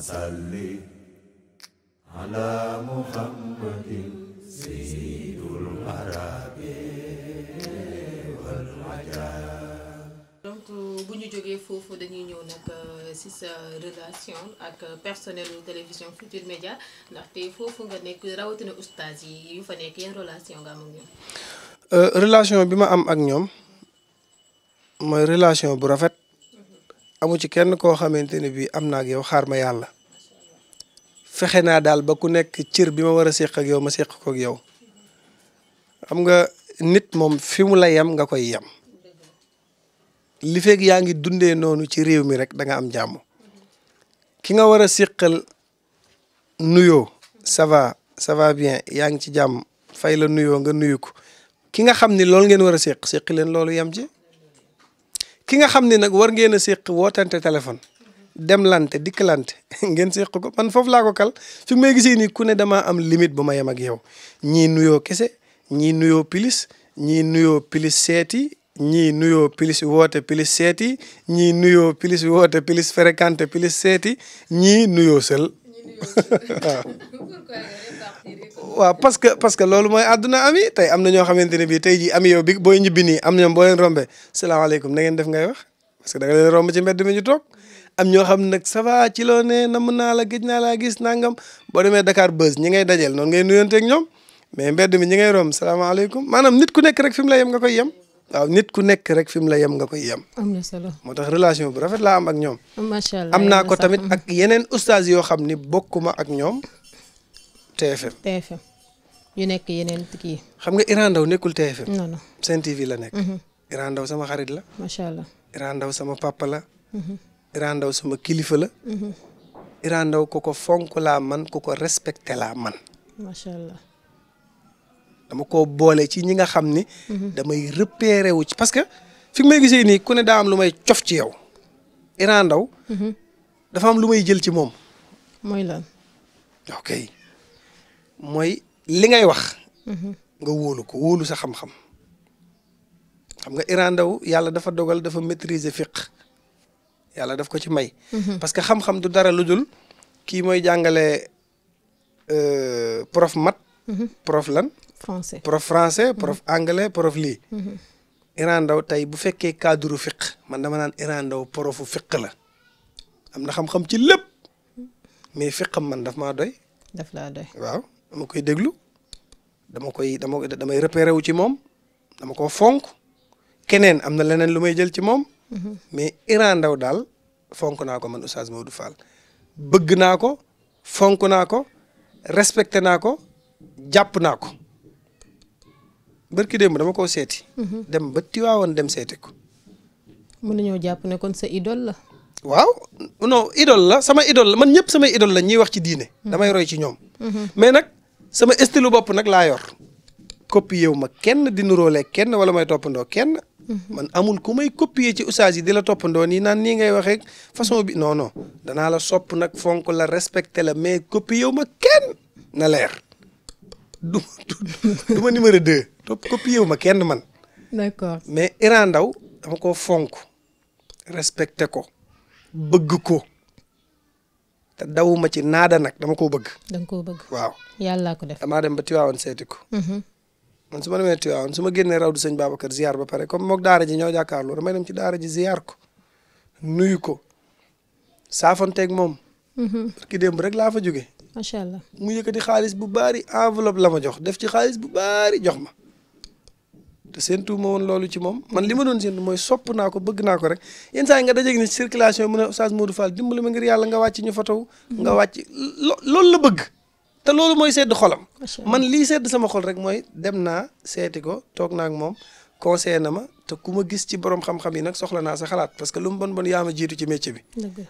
salli donc bu ñu jógee foofu dañuy ñëw nag ci euh, sa relation ak personnel télévision Futur Média ndaxte foofu nga nekk rawatina oustaz yi yu fa nekk yan relation nga am ñoom euh, relation bi ma am ak ñoom mooy relation bu rafet amu ci kenn koo xamante ne bii am naa ak yow xaar ma yàlla fexe naa daal ba ku nekk cir bi ma war a séq ak yow ma séq ko ak yow xam nga nit moom fi mu la yem nga koy yem li fekk yaa ngi dundee noonu ci réew mi rek da nga am jàmm ki nga war a séqal nuyoo sava va bien yaa ngi ci jàmm fay la nuyoo nga nuyu ko ki nga xam ni loolu ngeen war a séq séqi leen loolu yem ci ki nga xam ne nag war ngeen a séq wootante téléphone demlante lante dikk lante ngeen séq ko man foofu laa ko kal fi may ku ne damaa am limite bu ma yem ak yow ñii nuyoo kese ñii nuyoo pilis ñii nuyoo pilis seeti ñii nuyoo pilis woote pilis seeti ñii nuyoo pilis woote pilis fréquenté pilis seeti ñii nuyoo sël waaw waaw parce que parce que loolu mooy àdduna ami tey am na ñoo xamante ne bii tey jii ami yow bi booy ñibbi nii am ñoom boo leen rombe salaamaaleykum na ngeen def ngay wax parce que nga leen romb ci mbedd mi ñu toog am ñoo xam nag ça va ci loo ne namm naa la gëj naa laa gis nangam boo demee Dakar Buzz ñi ngay dajeel noonu ngay nuyanteeg ñoom mais mbedd mi ñi ngay romb salaamaaleykum maanaam nit ku nekk rek fi mu la yem nga koy yem waaw nit ku nekk rek fi mu la yem nga koy yem. moo tax relation bu rafet laa am ak ñoom. macha allah am naa ko tamit ak yeneen ustaas yoo xam ni bokkuma ak ñoom TFM. TFM yu nekk yeneen kii. xam nga Iran Ndao nekkul TFM. non non TV la nekk. Mhm. Iran Ndao sama xarit la. macha Iran Ndao sama papa mhm. Iran Ndao sama kilifa la. Mhm. Iran Ndao ku ko fonk laa man ku ko respecté laa man. macha dama ko boole ci ñi nga xam ni. Mhm. damay repéré wu ci parce que fi may gisee nii ku ne daa am lu may cof ci yow. Iran Ndao. Mhm. dafa am lu may jël ci moom. mooy lan. ok mooy li ngay wax. Mhm. nga wóolu ko wóolu sa xam-xam. xam nga Iran Ndao yàlla dafa dogal dafa maîtriser fiqh yàlla def ko ci may. parce que xam-xam du dara lu dul kii mooy jàngale euh, prof mat. prof lan français prof français prof anglais prof lii. Mm-hmm. Iran Ndao tey bu fekkee cadre fiq man dama naan Iran Ndao profu fiq la am na xam-xam ci lépp mais fiqam man daf ma doy. daf laa doy waaw dama koy déglu dama koy dama damay repéré wu ci moom dama ko fonk keneen am na leneen lu may jël ci moom. Mm-hmm. mais Iran Ndao daal fonk naa ko man Oustaz Modou Fall bëgg naa ko fonk naa ko respecté naa ko jàpp naa ko. barki démb dama koo seeti. Mhm. dem ba Tiwaawoon dem seeti ko. mën nañoo jàpp ne kon sa idole la. waaw non idole la sama idole la man ñëpp samay idole la ñuy wax ci diine. Mhm. damay roy ci ñoom. Mhm. mais nag sama style bopp nag laa yor. copié wu ma kenn di nuróolee kenn wala may toppandoo kenn. man amul ku may copier ci ustaas yi di la toppandoo nii naan nii ngay waxee façon bi noono non danaa la sopp nag fonk la respecté la mais copié wu ma kenn na leer. du du ma topp copié wu ma kenn man. d'accord mais Iran Ndao dama ko fonk respecté ko bëgg ko te dawuma ci naada nag dama ko bëgg. dama koo bëgg waaw. yàlla ko def damaa dem ba Tiwaawan seeti ko. Mhm. man su ma demee Tiwaawan su ma génnee raw du sëñ Babacar ziar ba pare comme moog daara ji ñoo jàkkaarloo damay dem ci daara ji ziar ko nuyu ko saafanteeg moom. parce mhm. que démb rek laa fa jóge macha allah mu yëkkati xaalis bu baari enveloppe la ma jox def ci xaalis bu baari jox ma te séntu ma woon loolu ci moom man li ma doon séntu mooy sopp naa ko bëgg naa ko rek yenn saa yi nga dajeeg ni circulation yi mu ne Oustaz Modou Fall dimbali ma ngir yàlla nga wàcc ñu fotow nga mm-hmm. wàcc lo loolu la bëgg te loolu mooy sedd xolam man lii sedd sama xol rek mooy dem naa seeti ko toog naa ak moom conseillé na ma te ku ma gis ci borom xam-xam yi nag soxla naa sa xalaat parce que lu mu bon bon yaa ma jiitu ci métier bi.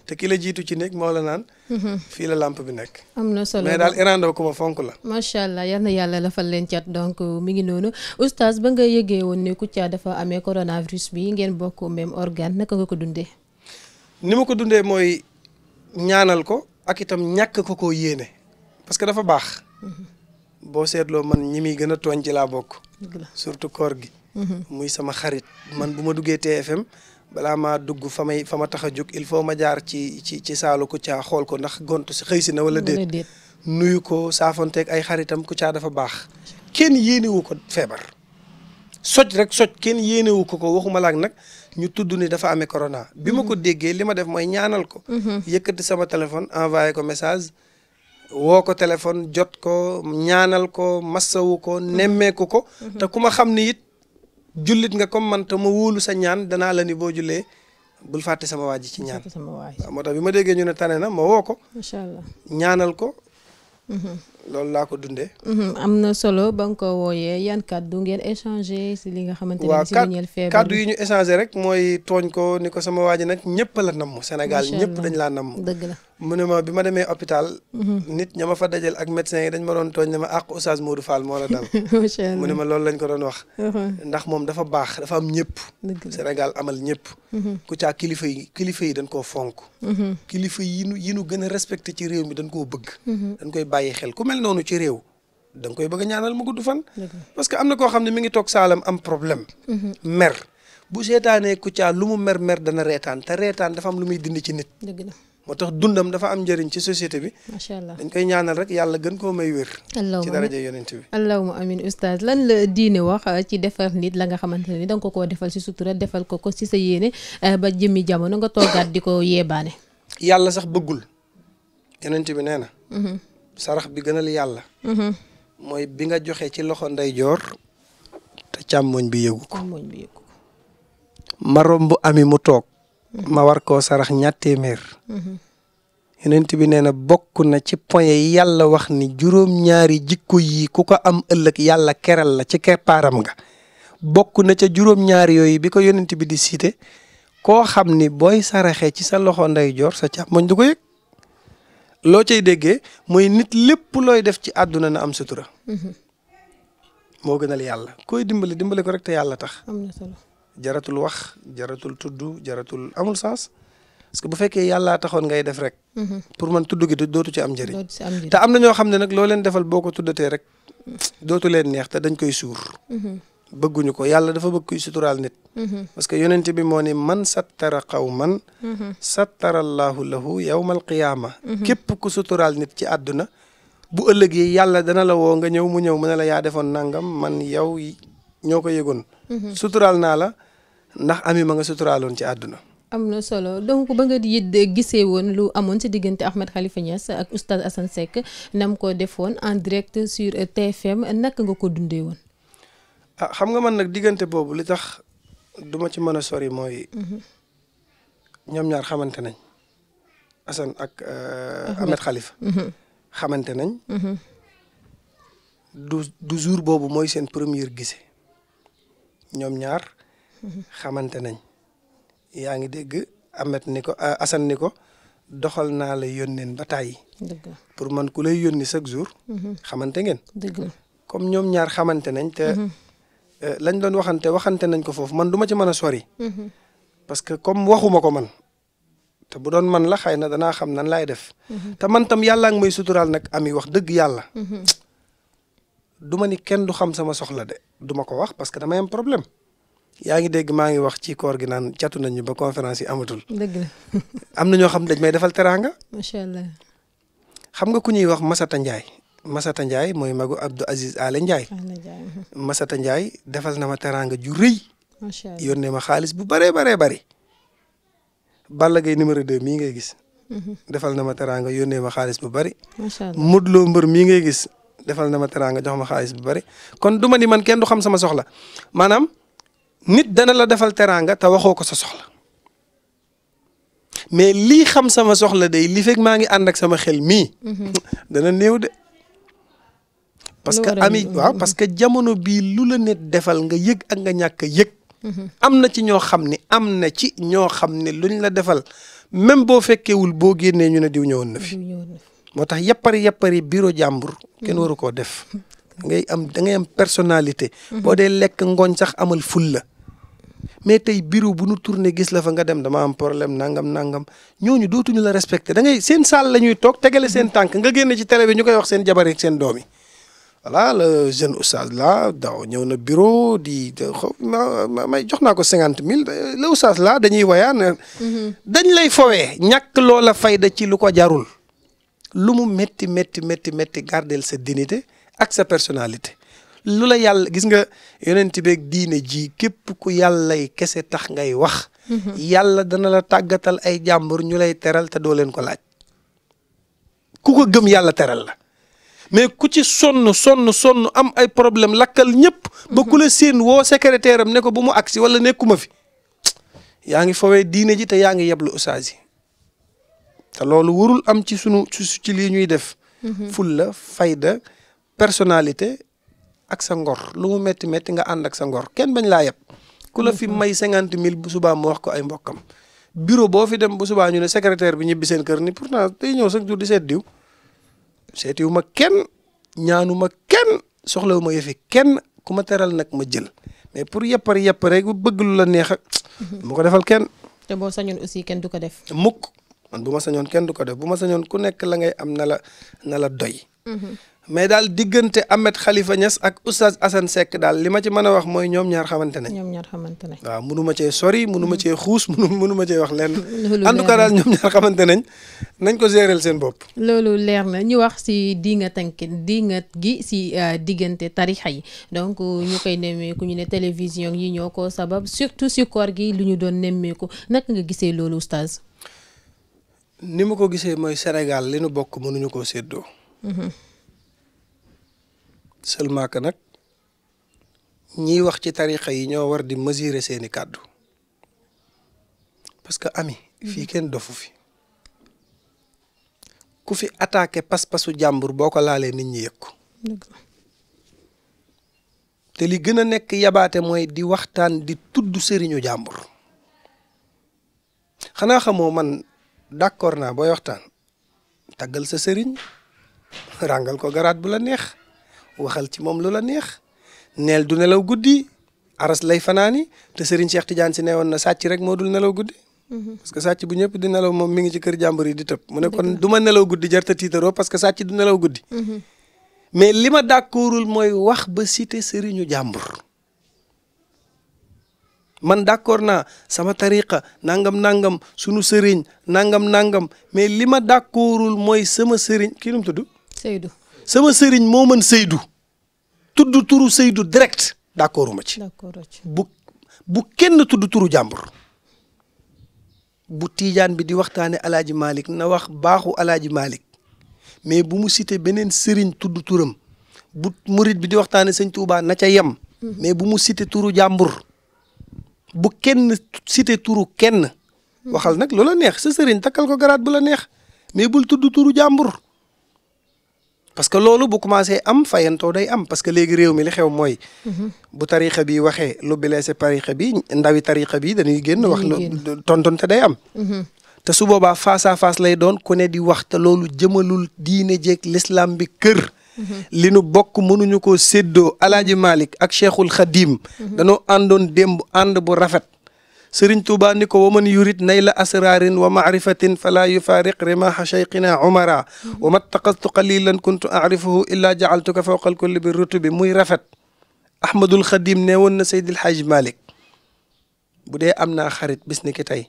te ki la jiitu ci nekk moo la naan. Mhm. fii la lampe bi nekk. am na solo mais daal Iran Ndao ku ma fonk la. macha allah yal na yàlla lafal leen cat donc mi ngi noonu oustaz ba nga yëgee woon ne Kouthia dafa amee coronavirus bi ngeen bokk même organe naka nga ko dundee. ni ma ko dundee mooy ñaanal ko ak itam ñàkk ko koo yéene parce que dafa baax. Mhm. boo seetloo man ñi muy gën a tooñ ci laa bokk. surtout koor gi. muy sama xarit man bu ma duggee TFM balaa ma dugg fa may fa ma tax a jóg il faut ma jaar ci ci ci saalu Kouthia xool ko ndax gont si xëysi na wala déet nuyu ko saafonteeg ay xaritam Kouthia dafa baax kenn yéenewu ko feebar soj rek soj kenn yéenewu ko ko waxuma laak nag ñu tudd ni dafa amee corona bi ma ko mm-hmm. déggee li ma def mooy ñaanal ko mm-hmm. yëkkati sama téléphone envoyé ko message woo ko téléphone jot ko ñaanal ko massawu ko mm-hmm. nemmeeku ko te ku xam ni it jullit nga comme man te ma wóolu sa ñaan danaa la ni boo jullee bul fàtte sama waa ji ci ñaan waaw moo tax bi ma déggee ñu ne tane na ma woo ko. macha ñaanal ko. Mhm. loolu laa ko dundee. Mhm, am na solo ba nga ko wooyee yan kàddu ngeen échanger si li nga xamante ne si ñeel feebar kàddu yi ñu échanger rek mooy tooñ ko ni ko sama waa ji nag ñëpp la namm Sénégal ñëpp dañ laa namm dëgg la mu ne ma bi ma demee hôpital mhm. nit ña ma fa dajal ak médecin yi dañ ma doon tooñ ne ma àq Oustaz Modou Fall moo la dal mu ne ma loolu lañ ko doon wax uh-huh. ndax moom dafa baax dafa am ñëpp Sénégal amal ñëpp mhm. ku caa kilifa yi kilifa yi dañ koo fonk kilifa yi nu yi nu gën a respecté ci réew mi dañ koo bëgg dañ koy bàyyi xel ku mel noonu ci réew da nga koy bëgg a ñaanal mu gudd fan. parce que am na koo xam ne mi ngi toog saalam am problème. Mhm. mer bu seetaanee Kouthia lu mu mer mer dana reetaan te reetaan dafa am lu muy dindi ci nit. dëgg la moo tax dundam dafa am njëriñ ci société bi. macha allah dañ koy ñaanal rek yàlla gën koo may wér. ci daraja yonent bi. allahumma amin diine wax uh, ci defar nit la nga xamante ne da nga ko koo defal si sutura defal ko ko si sa yéene uh, ba jëmmi jamono nga toogaat di ko yeebaane. yàlla sax bëggul yonent bi nee na. Mhm. sarax bi gënal yàlla. Mm-hmm. mooy bi nga joxe ci loxo ndeyjoor. te càmmoñ bi yëgu ko. càmmoñ bi yëgu ma romb ami mu toog. Mm-hmm. ma war ko sarax ñatt téeméer. Mm-hmm. yonent bi nee na bokk na ci point yi yàlla wax ni juróom-ñaari jikko yi ku ko am ëllëg yàlla keral la ci keppaaram nga. bokk na ca juróom-ñaari yooyu bi ko yonent bi di siite koo xam ni booy saraxee ci sa loxo ndeyjoor sa càmmoñ du ko yëg. loo cey déggee mooy nit lépp looy def ci àdduna na am sutura. moo gënal yàlla koy dimbali dimbale ko rek te yàlla tax. am jaratul wax jaratul tudd jaratul amul sens parce que bu fekkee yàllaa taxoon ngay def rek. Mhm. pour man tudd gi dootu ci am njëriñ. te am na ñoo xam ne nag loo leen defal boo ko tuddatee rek dootu leen neex te dañ koy suur. Mhm. bëgguñu ko yàlla dafa bëgg kuy suturaal nit mhm. parce que yonent bi moo ni man sattara qawman mhm. sattarallaahu lahu yawmal qiyaama mhm. képp ku suturaal nit ci àdduna bu ëllëgee yàlla dana la woo nga ñëw mu ñëw mu a la yaa defoon nangam man yow ñoo ko yëgoon suturaal naa la ndax ami ma nga suturaaloon ci àdduna am na solo donc ba nga yit gisee woon lu amoon si diggante Ahmed Khalifa Niass ak oustaz Assane Seck nam ko defoon en direct sur TFM naka nga ko dundee ah xam nga man nag diggante boobu li tax du ma ci mën a sori mooy. Mhm. ñoom ñaar xamante nañ. Assane ak euh, Ahmed Khalifa. Mhm. xamante nañ. Mhm. du du jour boobu mooy seen première gise ñoom ñaar. xamante nañ. yaa ngi dégg Ahmed ni ko euh, Assane ni ko doxal naa la yónneen ba tàyyi. pour man ku lay yónni chaque jour. xamante ngeen. dëgg ñoom ñaar xamante nañ te. Euh, lañ doon waxante waxante nañ ko foofu man du ma ci mën a sori. Mhm. parce que comme waxuma ko man. te bu doon man la xëy na danaa xam nan laay def. Mhm. te man tam yàlla ngi may suturaal nag ami wax dëgg yàlla. Mhm. du ma ni kenn du xam sama soxla de du ma ko wax parce que damay am problème. yaa ngi dégg maa ngi wax ci koor gi naan catu nañu ba conférence yi amatul. am na ñoo xam dañ may defal teraanga. macha xam nga ku ñuy wax Masata Ndiaye. Masata Ndiaye mooy magu Abdou Aziz Alé Ndiaye. Masata njaay defal na ma teraanga ju rëy. yónnee ma xaalis bu bëree baree bëri. Balla Gaye numéro 2 mii ngay gis. defal na ma teraanga yónnee ma xaalis bu bëri. macha allah Lo mbër mii ngay gis defal na ma teraanga jox ma xaalis bu bëri kon du duma ni man kenn du xam sama soxla maanaam nit dana la defal teraanga ta waxoo ko sa soxla. mais lii xam sama soxla day li fekk maa ngi ànd ak sama xel mii. dana néew de. parce que ami waaw parce que jamono bii lu la ne defal nga yëg ak nga ñàkk a yëg am na ci ñoo xam ni am na ci ñoo xam ne ñu la defal même boo fekkeewul boo génnee ñu ne diw ñëwoon na fi moo tax yappari yappari bureau jàmbur kenn mhm. waru koo def mhm. ngay am da ngay am personnalité mhm. boo dee lekk ngooñ sax amal ful la mais tey bureau bu nu tourné gis la fa nga dem dama am problème nangam nangam ñooñu dootuñu la respecté da ngay seen salle la ñuy toog tegale seen tànk nga génn ci télé ñu koy wax seen jabar ak seen doom voilà la jeune oustaz là daaw ñëw na bureau di ma may jox naa ko cinquante mille le oustaz là dañuy wayaan mhm. dañ lay fowee ñàkk loola fayda ci lu ko jarul lu mu metti métti métti métti gardel sa dinité ak sa personalité lu la yàlla gis nga yonent beeg diine ji képp ku yàllay kese tax ngay wax mhm. yàlla dana la tàggatal ay jàmbur ñu lay teral te doo leen ko laaj ku ko gëm yàlla teral la mais ku ci sonn sonn sonn am ay problème lakkal ñëpp. ba ku la séen woo secrétaire am ne ko bu mu agsi wala nekkuma fi. yaa ngi fawee diine ji te yaa ngi yeblu ustaas yi te loolu warul am ci sunu ci lii ñuy def. Mhm. fulla fayda personalité ak sa ngor lu mu métti metti nga ànd ak sa ngor kenn bañ laa yeb. ku la fi mhm. may cinquante mille bu subaa mu wax ko ay mbokkam bureau boo fi dem bu subaa ñu ne secrétaire bi ñibbi seen kër ni pourtant day ñëw sax jur di seet diw. seetiwu ma kenn ñaanu ma kenn soxlawu ma kenn ku ma teral nag ma jël mais pour yeppar yeppar rek bëgg lu la neex ak. Mhm. ma ko defal kenn. te boo sañoon aussi kenn du ko def. mukk man bu ma sañoon kenn du ko def bu ma sañoon ku nekk la ngay am na la na doy. Mhm. mais daal diggante Ahmed xalifa ñas ak oustaz Assane Seck daal li ma ci mën a wax mooy ñoom ñaar xamante ne. ñoom ñaar xamante ne. waaw mënu ma cee sori mënu ma cee xuus mënuma mënu cee wax lenn. en tout cas daal ñoom ñaar xamante nañ nañ ko géréel seen bopp. loolu leer na ñu wax si di nga tànk di gi si euh, diggante tarixa yi donc ñu koy nemmeeku ñu ne télévision yi ñoo ko sabab surtout si koor gi lu ñu doon nemmeeku naka nga gisee loolu oustaz. ni ma ko gisee mooy Sénégal li nu bokk mënuñu koo séddoo. Mhm. seulement que nag ñiy wax ci tarixa yi ñoo war di mesurer seeni kàddu parce que ami mhm. fii kenn dofu fi ku fi attaqué pas jàmbur boo ko laalee nit ñi yëg ko te li gën a nekk yabaate mooy di waxtaan di tudd sëriñu jàmbur xanaa xamoo man d'accord naa booy waxtaan taggal sa sëriñ ràngal ko garaat bu la neex waxal ci moom lu la neex neel du nelaw guddi aras lay fanaani te Serigne Cheikh Tidiane si ne woon na sàcc rek moo dul nelaw guddi. Mhm. parce que sàcc bu ñëpp di nelaw moom mi ngi ci kër jàmbur yi di tëb. mu ne kon du ma nelaw guddi jarta tiitaroo parce que sàcc du nelaw guddi. Mhm. li ma d'accordul mooy wax ba cité Serigne jàmbur. man d'accord naa sama tariqa nangam nangam sunu sëriñ nangam nangam mais li ma d'accordul mooy sama sëriñ kii nu mu tudd. Seydou. sama sëriñ moo mën Seydou tudd turu Seydou direct d'accorduma ci bu bu kenn tudd turu jàmbur bu tiijaan bi di waxtaane alaaji Malick na wax baaxu alaaji malik mais bu mu cité beneen sëriñ tudd turam bu murit bi di waxtaane sëñ Touba na ca yem mhm. mais bu mu cité turu jàmbur bu kenn sitee turu kenn mhm. waxal nag loola neex sa sëriñ takkal ko garaat bu la neex mais bul tudd turu jàmbur parce que loolu boo commencé am fayantoo day am parce que léegi réew mi li xew mooy. Mhm. bu tarixa bi waxee lu blessé tarixa bi ndawi tarixa bi dañuy génn wax lu tonton te day am. Mhm. te su boobaa face à face lay doon ku ne di wax te loolu jëmalul diine jeeg l'islam bi kër. Mhm. li nu bokk mënuñu ko séddoo Alaaji Malik ak Cheikhul Khadim. danoo àndoon démb ànd bu rafet. sëriñ Tuuba ni ko wa man yurid nayla asrarin wa maarifatin fala yufaariq rimaha cheyqina omara wa mattaqastu qalilan kuntu arifuhu illaa jaaltuka fawqa alkulli bi rutubi muy rafet ahmadul xadim ne woon na seydil haj malik bu dee am naa xarit bis ni ki tey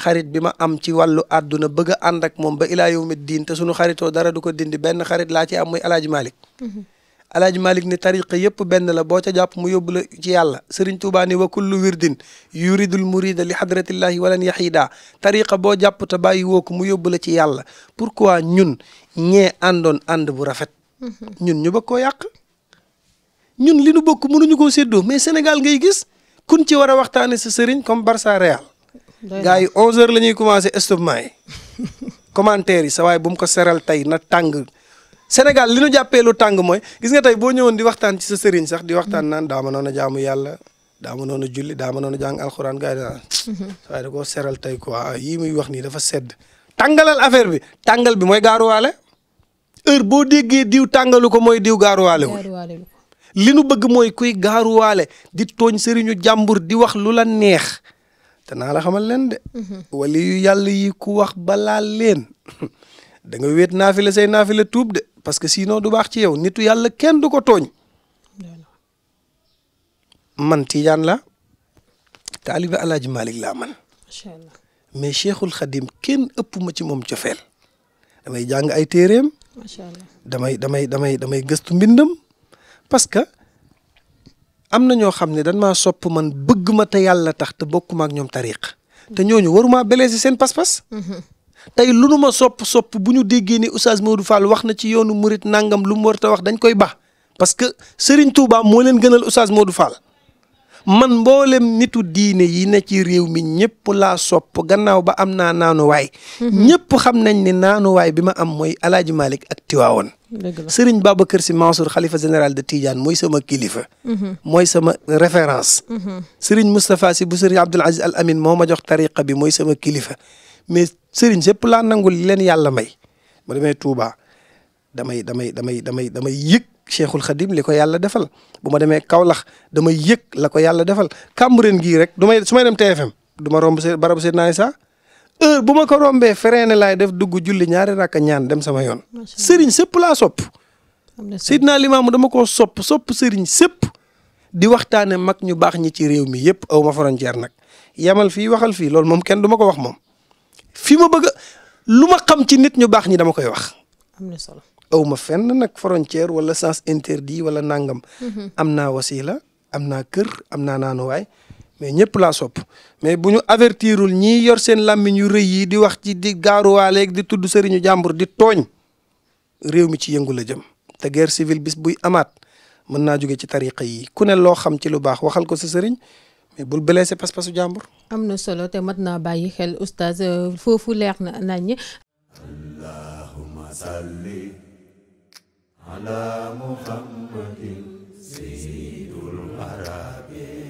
xarit bi ma am ci wàllu àdduna bëgg a ànd ak moom ba ilaa yawmi diin te sunu xaritoo dara du ko dindi benn xarit laa ci am muy alaaji malik mm-hmm. alaaji malik ni tariqa yëpp benn la boo ca jàpp mu yóbbu ci yàlla seriñ tuubaa ni wa kullu wirdin yuridul murida li hadratillahi walan yaxiida tariqa boo jàpp te bàyyi woo ko mu yóbbu ci yàlla pour pourquoi ñun ñee àndoon ànd bu rafet ñun ñu bokk koo yàq ñun li nu bokk mënuñu ko séddoo mais Sénégal ngay gis kun ci war a waxtaane sa sëriñ comme Barça Real gars yi 11 heures la ñuy commencé stoppement yi commentaire yi sa waaye bu mu ko seral tey na tàng Sénégal li nu jàppee lu mooy gis nga tey boo ñëwoon di waxtaan ci sa sëriñ sax di waxtaan mm-hmm. naan daa noon a jaamu yàlla daa ma noon a julli daa ma noon a jàng alxuraan gars mm-hmm. da koo seral tey quoi yii muy wax nii dafa sedd tàngalal affaire bi tàngal bi mooy gaaruwaale heure boo déggee diw tàngalu ko mooy diw gaaruwaale wul li nu bëgg mooy kuy gaaruwaale di tooñ sëriñu jàmbur di wax lu la neex te naa la xamal leen de mm-hmm. wali yàlla yi ku wax balaa leen da nga wéet parce que sinon du baax ci yow nitu yàlla kenn du ko tooñ man Tiijaan la taaliba Alaaji Malik la man mais Cheikhul Khadim kenn ëpp ma ci moom cofeel damay jàng ay téeréem damay damay damay damay gëstu mbindam parce que am na ñoo xam ne dañ ma sopp man bëgg ma te yàlla tax te bokkuma ak ñoom tariq te ñooñu waruma blesser seen pas-pas mm-hmm. tey lu nu ma sopp sopp bu ñu déggee ni Oustaz Modou Fall wax na ci yoonu murit nangam lu mu war wax dañ koy baax parce que Serigne Touba moo leen gënal Oustaz Modou Fall man mboolem nitu diine yi ne ci réew mi ñëpp laa sopp gannaaw ba am naa naanuwaay. Mhm. ñëpp xam nañ ne naanuwaay bi ma am mooy El Hadj Malick ak Tiwaawoon. Serigne kër Sy Mansour xalifa général de Tidiane mooy sama kilifa. Mhm. mooy sama référence. Mhm. Serigne Moustapha Sy bu Serigne Abdoul Aziz moo ma jox tariqa bi mooy sama kilifa. mais sëriñ sëpp laa nangul leen yàlla may ma demee Touba damay damay damay damay damay yëg Cheikhul Khadim li ko yàlla defal bu ma demee Kaolack damay yëg la ko yàlla defal Cambérène gii rek du su may dem TFM du ma romb seen barabu Seydina Issa heure bu ma ko rombee freiné laay def dugg julli ñaari rakka ñaan dem sama yoon. sëriñ sëpp laa sopp. Seydina Limaamu dama ko sopp sopp sëriñ sëpp. di waxtaane mag ñu baax ñi ci réew mi yëpp aw ma frontière nag yamal fii waxal fii loolu moom kenn du ma ko wax moom. fii ma bëgg lu ma xam ci nit ñu baax ñi dama koy wax. am aw ma fenn nag frontière wala sens interdit wala nangam. Mhm. am naa wasila am naa kër am naa naanuwaay mais ñëpp laa sopp mais bu ñu avertirul ñi yor seen làmmiñ yu rëy yi di wax ci di gaaruwaaleeg di tudd sëriñu jàmbur di tooñ réew mi ci yëngu la jëm te guerre civile bis buy amaat mën naa jóge ci tariqa yi ku ne loo xam ci lu baax waxal ko sa sëriñ mais bul blessé pas-pasu jàmbur. am na solo te mat naa bàyyi xel oustaz euh, foofu leex na nañ. allahumma salli ala muhammadin sayyidul arabi